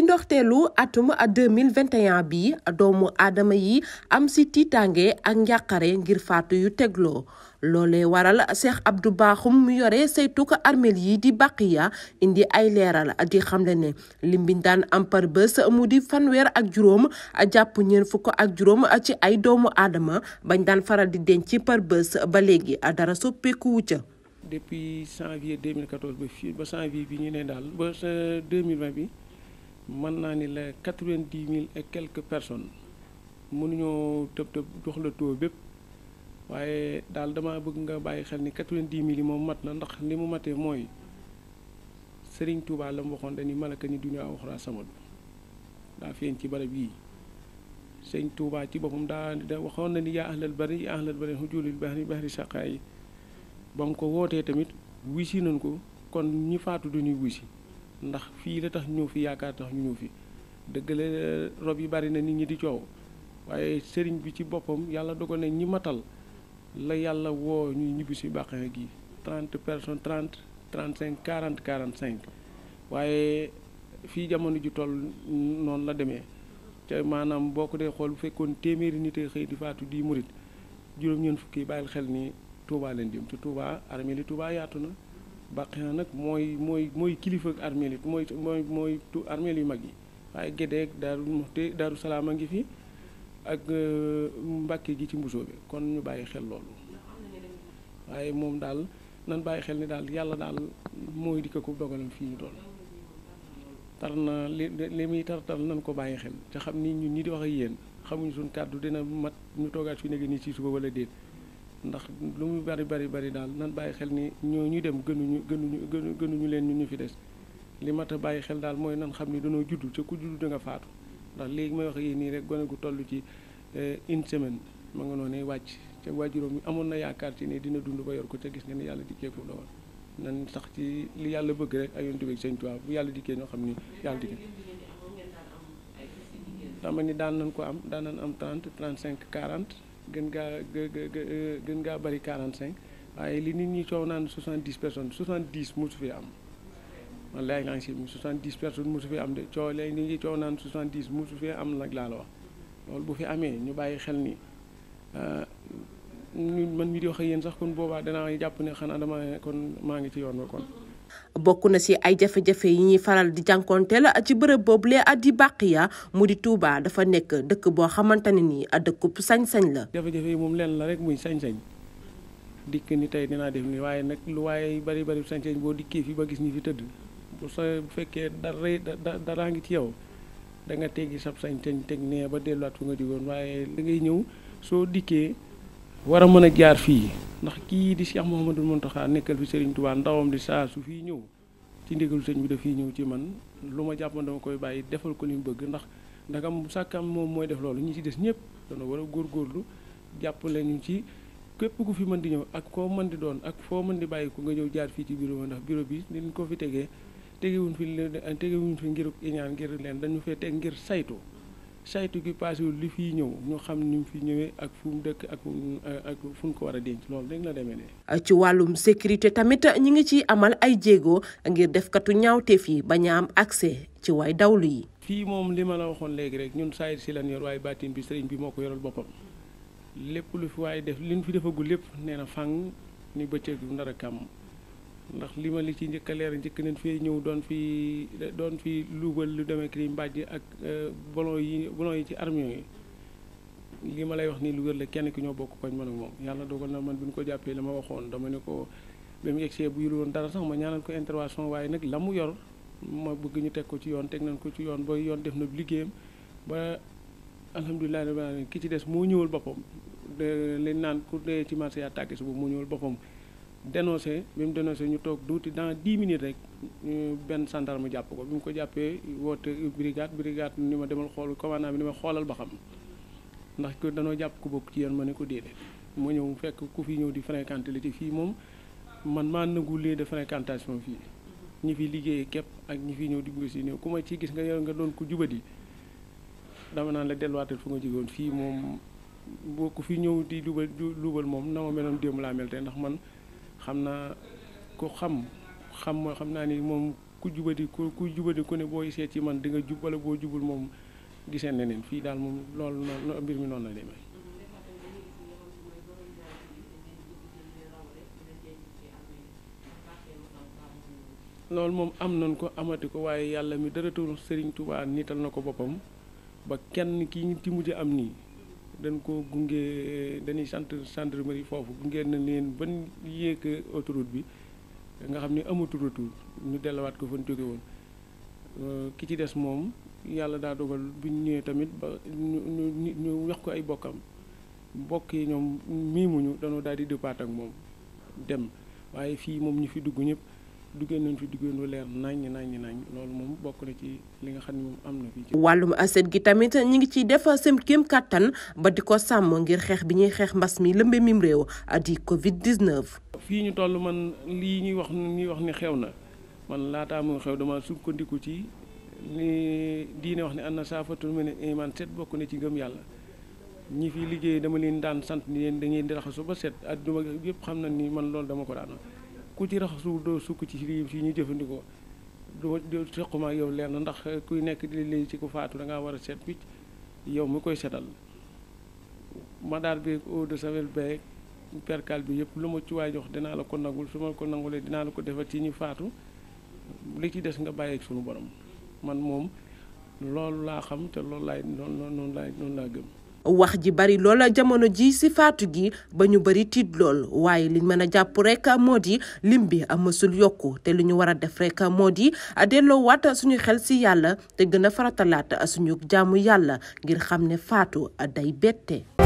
ci ndoxteelu atum 2021 bi doomu adama yi am si tiitaange ak njàqare ngir faatu yu tegloo loolee waral Cheikh Abdou baaxum mu yore saytu ko armeel yi di Baqiya indi ay leeral di xamle ne lim bi daan am par mu di fanweer ak juróom jàpp ñeent fukk ak juróom ci ay doomu aadama bañ daan faral di denc par bés ba léegi dara soppeekuwu ca. depuis janvier 2014 ba ñu ne daal euh, mën naa ni la quatre vingt di mille et quelques personnes mënuñoo tëb tëb jox la taux bépp waaye daal dama bëgg nga bàyyi xel ni quatre-vingt-dix mille yi moom mat na ndax li mu matee mooy Sëriñ Tuubaa la mu waxoon dañuy malaka ni dunya waxra samadu daa feeñ ci barab yii sëñ Tuubaa ci boppam daa da waxoon na ni yaa ahlal bari yaa ahlal bari hujulil bahri bahri saqaay ba mu ko wootee tamit wuy si nañ ko kon ñi faatu duñuy wuy si ndax fii la tax ñëw fi yaakaar tax ñu ñëw fi dëgg la rob yi bari na nit ñi di coow waaye sëriñ bi ci boppam yàlla dogal na ñi matal la yàlla woo ñuy ñibbi si bàqana gi trente personnes trente trente cinq quarante quarante cinq waaye fii jamono ji toll noonu la demee te maanaam boo ko dee xool bu fekkoon téeméeri nit a xëy di faatu di murit juróom-ñeent fukki bàyyil xel ni Touba leen jëm te Touba armée li Touba yaatu na. na nag mooy mooy mooy kilifa ak armeel it mooy mooy mooy tu armeel yu mag yi waaye Gédé ak Daaru Muxti Daaru Salaam a ngi fi ak euh, Mbàkke gi ci mbusoo bi kon ñu bàyyi xel loolu waaye moom daal nan bàyyi xel ni daal yàlla daal mooy di ko ko dogalam fii ñu doon tar na li li muy tar tar nan ko bàyyi xel te xam ni ñu ñi di wax ak yéen xamuñu suñ kàddu dina mat ñu toogaat fi nekk nii ci suba wala déet ndax lu mu bari bari bari daal nan bàyyi xel ni ñoo ñu dem gënuñu gënuñu gënuñu leen ñu ñu fi des li mat a bàyyi xel daal mooy nan xam ni danoo judd ca ku judd da nga faatu ndax léegi may wax nii rek gone gu toll ci eh, une semaine ma nga noonee wàcc ca waajuróom yi amoon na yaakaar ci ne dina dund ba yor ko ca gis nga ni yàlla dikkee ko doon nan sax ci li yàlla bëgg rek ay yonent bi Sëñ Tuubaa bu yàlla dikkee ñoo xam ni yàlla dikkee dama ni daan nañ ko am daan nan am 30 35 40 gën gaa gën gaa bëri 45 waaye li nit ñi coow naan 70 personnes 70 mosu fi am man laay ngaa ngi si 70 personnes mosu fi am de coow lay nit ñi coow naan 70 mosu fi am nag laa wax loolu bu fi amee ñu bàyyi xel ni euh, ñu man mi di wax ak yéen sax kon boobaa danaa jàpp ne xanaa dama kon maa ngi ci yoon ba kon. bokk na si ay jafe-jafe yi ñuy faral di la ak ci bërëb boobule at di Bakhiya mu di Touba dafa nekk dëkk boo xamante ne nii dëkkub sañ-sañ la. jafe-jafe yi moom leen la rek muy sañ-sañ dikk ni tey naa def nii waaye nag lu waaye bari bari sañ-sañ boo dikkee fi ba gis nii fi tëdd bu sa bu fekkee dara daraa ngi ci yow da nga teggi sab sañ-sañ teg nee ba delluwaat fu nga jógoon waaye li ngay ñëw soo dikkee. war a mën a jaar fii ndax kii di Cheikh Mouhamadul Mountakha nekkal fi Serigne Touba ndawam di saa su fii ñëw ci ndigalu sëñ bi daf fiy ñëw ci man lu ma jàpp dama koy bàyyi defal ko li mu bëgg ndax ndagam sàkkam moom mooy def loolu ñu ci des ñëpp dana war a góorgóorlu jàppale ñu ci képp ku fi mën di ñëw ak koo mën di doon ak foo mën di bàyyi ko nga ñëw jaar fii ci bureau ndax bureau bi ni niñ ko fi tegee tegewuñ fi tegewuñ fi ngir iñaan ngir leen dañu fee teg ngir saytu saytu gi passé li fiy ñëw ñu xam ni mu fi ñëwee ak fu mu dëkk ak eh, ak fu mu ko war a denc lool rek la demee ne eh, ci wàllum sécurité tamit ñi ngi ciy amal ay jéego ngir defkatu ñaawteef yi bañ a am accès ci way dawlu yi. fii moom li ma la waxoon léegi rek ñun saa si lan yor waaye bàttin bi sëriñ bi moo ko yoral boppam lépp lu fi waaye def li fi defagul lépp nee na fang ni bëccëg bu ndara kam ndax li ma li ci njëkk a njëkk nañ fii ñëw doon fi doon fi luubal lu demee kii mbàjj ak euh, bolon yi bolon yi ci armion yi li ma lay wax nii lu wér la kenn ki ñoo bokk koñ man ak moom yàlla dogal na man bi ñu ko jàppee la ma waxoon dama ne ko ba mu yegsee bu yul woon dara sax ma ñaanal ko intervention waaye nag la mu yor ma bëgg ñu teg ko ci yoon teg nañ ko ci yoon ba yoon def nag liggéeyam ba alhamdulilah rabbil ki ci des moo ñëwal boppam leen naan ku dee ci marché yaa tàgge suba moo ñëwul boppam dénoncé bi mu dénoncé ñu toog duuti dans dix minutes rek benn gendarme jàpp ko bi mu ko jàppee woote brigade brigade ni ma demal xool commandant bi ni ma xoolal ba xam ndax ko danoo jàpp ko bokk ci yéen ma ne ko déedéet ma ñëw mu fekk ku fi ñëw di fréquenté li ci fii moom man maa nagu lieu de fréquentation fii ñi fi liggéeyee képp ak ñi fi ñëw di gu si néew ku ma ci gis nga yow nga doon ko jubadi dama naan la delluwaatal fu nga jógoon fii moom boo ku fi ñëw di lubal lubal moom na ma meloon démb laa melte ndax man xam naa ku xam xam mooy xam naa ni moom ku jubadi ku ku jubadi ku ne booy seet ci man di nga jub wala boo jubul moom gisee na leen fii daal moom lool noonu mbir la loolu moom am nañ ko amati ko waaye yàlla mi dara tawul Serigne nital na ko boppam ba kenn ki ci mujj am nii. dañ ko gunge dañuy sant gendarmerie foofu gunge na leen ban yéeg autoroute bi nga xam ne amatul retour ñu dellowaat ko fa jóge woon euh, ki ci des moom yàlla daa dogal bi ñu ñëwee tamit ba ñu ñu wax ko ay bokkam mbokk yi ñoom miimuñu danoo daal di départ ak moom dem waaye fii moom ñu fi dugg ñëpp. duggee nañ fi duggee nu leer naññ naññ nañ loolu moom bokk na ci li nga xam ne moom am na fii. ci wàllum aset gi tamit ñi ngi ciy def seen kéem kàttan ba di ko sàmm ngir xeex bi ñuy xeex mbas mi lëmbe mim réew di Covid 19. fii ñu toll man lii ñuy wax ñuy wax ni xew na man laataa mu xew dama sukkandiku ci li diine wax ne am na saafatul mu ne iman set bokk na ci ngëm yàlla. ñi fi liggéey dama leen daan sant ni leen da ngeen di raxasu ba set adduna yëpp xam na ni man loolu dama ko daan ku ci raxasul doo sukk ci lii si ñu jëfandikoo doo sequma ak yow lenn ndax kuy nekk di lii ci ko faatu da ngaa war a seet picc yow mu koy setal madaar beeg eau de javel beeg percal bi yëpp lu ma ci waay jox dinaa la ko nangul su ma ko nangulee dinaa la ko defal ci ñu faatu li ci des nga bàyyeeg sunu borom man moom loolu laa xam te loolu laay noonu noonu laay noonu laa gëm. wax ji bari lool jamono ji ci faatu gi ba ñu bari tiit lool waaye liñ mëna jàpp rek moo di lim bi mësul yokku te li ñu war a def rek moo di delloowaat suñu xel ci yàlla te gëna gën a faratalaat suñu jaamu yàlla ngir xam ne faatu day bette